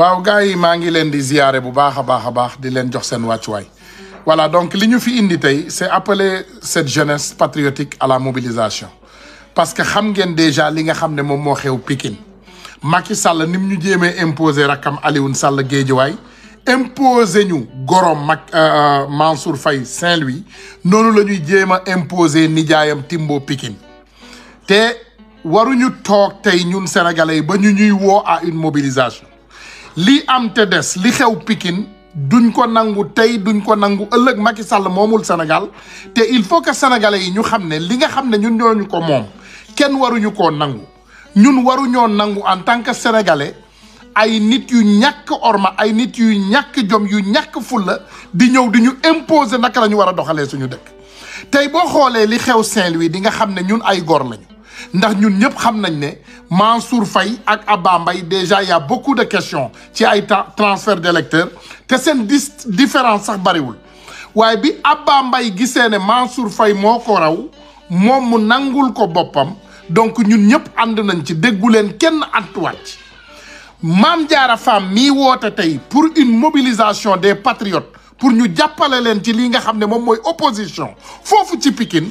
waaw gars yi maa di bu baax a baax voilà donc fi indi c'est appeler cette jeunesse patriotique à la mobilisation parce que déjà li nga xam ne moom xew Pikine Macky Sall gorom euh, euh, Mansour Faye Saint-Louis nous la ñuy imposer nijaayam Timbo Pikine te waruñu toog tey ñun sénégalais ba ñuy à une mobilisation lii am te des li xew Pikine duñ ko nangu tey duñ ko nangu ëllëg Macky Sall moomul Sénégal te il faut que sénégalais yi ñu xam ne li nga xam ne ñun ñooñu ko moom kenn waruñu ko nangu ñun waruñoo nangu en tant que sénégalais ay nit yu ñàkk orma ay nit yu ñàkk jom yu ñàkk fulla di ñëw di ñu imposer naka la ñu war a doxalee suñu dëkk tey boo xoolee li xew saint wii di nga xam ne ñun ay góor lañu ndax ñun ñëpp xam nañ ne Mansour Faye ak Abba Mbaye déjà y a beaucoup de questions ci ay transfert d'électeurs te seen différence sax bariwul waaye bi Abba Mbaye gisee ne Mansour Faye moo ko raw moom mu nangul ko boppam donc ñun ñëpp ànd nañ ci déggu leen kenn antuwaat Mam Diara Fam mii woote tey pour une mobilisation des patriotes pour ñu jàppale leen ci li nga xam ne moom mooy opposition foofu ci Pikine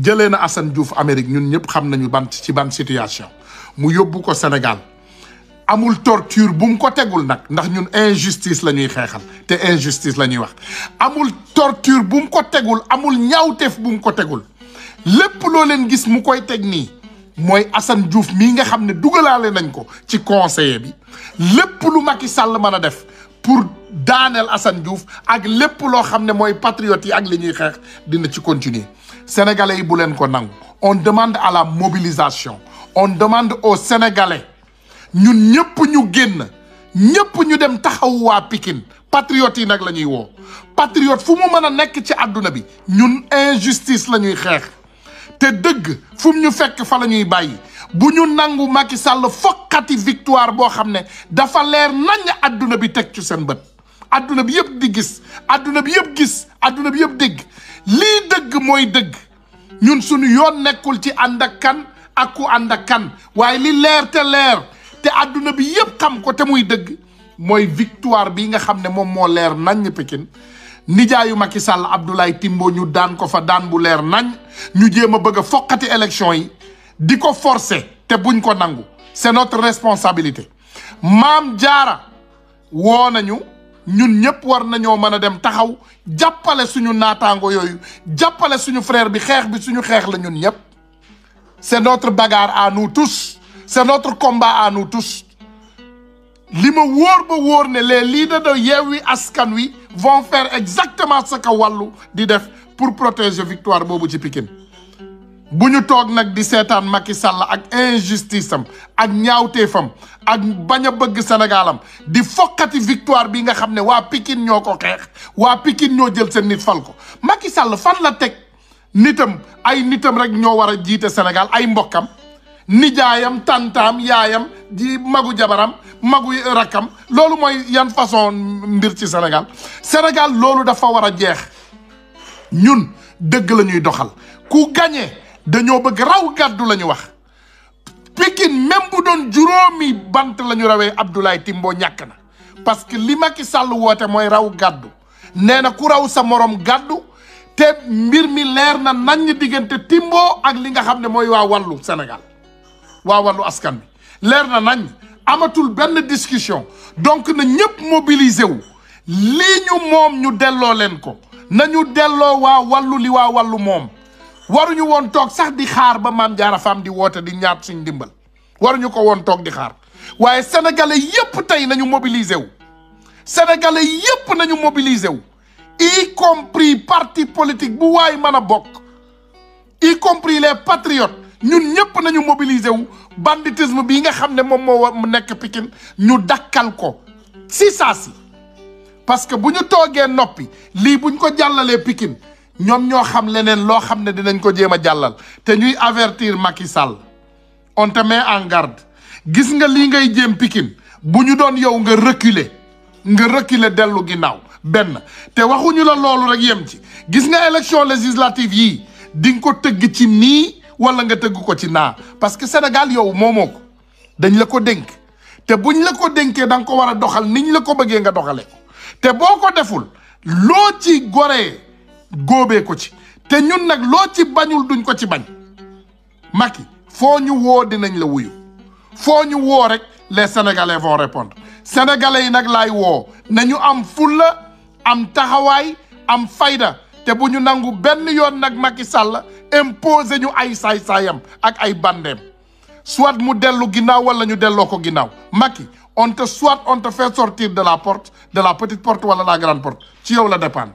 jëlee na Assane Diouf Amérique ñun ñëpp xam nañu bant ci ban situation mu yóbbu ko Sénégal amul torture bu mu ko tegul nag ndax ñun injustice la ñuy xeexal te injustice la ñuy wax amul torture bu mu ko tegul amul ñaawteef bu mu ko tegul lépp loo leen gis mu koy teg nii mooy Assane Diouf mii nga xam ne dugalaale nañ ko ci conseiller bi lépp lu Macky Sall mën a def pour daaneel Assane Diouf ak lépp loo xam ne mooy patriote yi ak li ñuy xeex dina ci continuer sénégalais on demande à la mobilisation on demande aux sénégalais ñun ñëpp ñu genn nous ñu dem taxaw wa Pikine patriotes yi nag la patriote fu mu ci aduna bi ñun injustice lañuy xex té deug ñu fekk fa lañuy nous bu ñu nangu Macky Sall victoire bo xamné ne dafa lèr nañ aduna bi tek ci sen aduna bi yëpp di gis bi yëpp gis aduna bi lii dëgg mooy dëgg ñun suñu yoon nekkul ci ànd ak kan ak ku ànd ak kan waaye li leer te leer te àdduna bi yëpp xam ko te muy dëgg mooy victoire bi nga xam ne moom moo leer naññ Pikine nijaayu Macky sàll Abdoulaye Timbo ñu daan ko fa daan bu leer nañ ñu jéem a bëgg a foqati élection yi di ko forcé te buñ ko nangu c'est notre responsabilité maam jaara woo nañu ñun war dem taxaw suñu suñu frère bi bi suñu c'est notre bagarre à nous tous c'est notre combat à nous tous li ma les leaders de wi Askan vont faire exactement ce que nous di pour protéger victoire boobu ci buñu tok nak di seetaan Macky Sall ak injustice am ak fam ak baña bëgg Sénégalam di fokati victoire bi nga xamné wa Pikine ñoko ko wa Pikine ñoo jël sen nit fal ko Macky Sall fan la tek nitam ay nitam rek ñoo wara jité Sénégal ay mbokam nijaayam tantam yaayam di magu jabaram magu rakam lolu moy yan façon mbir ci Sénégal Sénégal lolu dafa wara a jeex ñun deug lañuy doxal ku gagné dañoo bëgg raw gàddu la ñu wax Pikine même bu doon juróomi bant la ñu rawee Abdoulaye timboo ñàkk na parce que li Macky Sall woote mooy raw gàddu nee na ku raw sa moroom gàddu te mbir mi leer na nañ diggante timboo ak li nga xam ne mooy waa wàllu Sénégal waa wàllu askan bi leer na nañ amatul benn discussion donc na ñëpp mobiliser wu lii ñu moom ñu delloo leen ko nañu delloo waa wàllu li waa wàllu moom waruñu woon toog sax di xaar ba Mame Diarra Fam di woote di ñaat suñ ndimbal waruñu ko woon toog di xaar waaye sénégalais yépp tey nañu mobiliser wu sénégalais yépp nañu mobiliser wu y compris parti politique bu waay mën a bokk y compris les ñun ñëpp nañu mobiliser wu banditisme bii nga xam ne moom moo war mu nekk Pikine ñu dakkal ko si saa si parce que bu ñu toogee noppi lii buñ ko jàllalee Pikine ñoom ñoo xam leneen loo xam ne dinañ ko jéem a jàllal te ñuy avertir Macky Sall on te met en garde gis nga li ngay jéem pikin bu ñu doon yow nga reculer nga reculer dellu ginnaaw benn te waxuñu la loolu rek yem ci gis nga élection législative yi di nga ko tëgg ci nii wala nga tëgg ko ci naa parce que Sénégal yow moomoo ko dañ la ko dénk te ñu la ko dénkee da nga ko war a doxal ni ñu la ko bëggee nga doxale ko te boo ko deful loo ci goree góobee ko ci te ñun nag loo ci bañul duñ ko ci bañ Macky foo ñu woo dinañ la wuyu foo ñu woo rek les sénégalais vont répondre sénégalais yi nag laay woo nañu am fulla am taxawaay am fayda te bu ñu nangu benn yoon nag Macky Sall imposé ñu ay saay-saayam ak ay bandeem soit mu dellu ginnaaw wala ñu delloo ko ginnaaw Macky on te soit on te fait sortir de la porte de la petite porte wala la grande porte ci yow la dépendre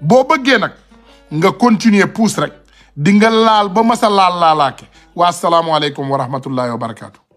boo bëggee nag nga continuer pousse rek di nga laal ba masa laal laalaake waa salaamualeykum wa rahmatullahi wa barakaatu.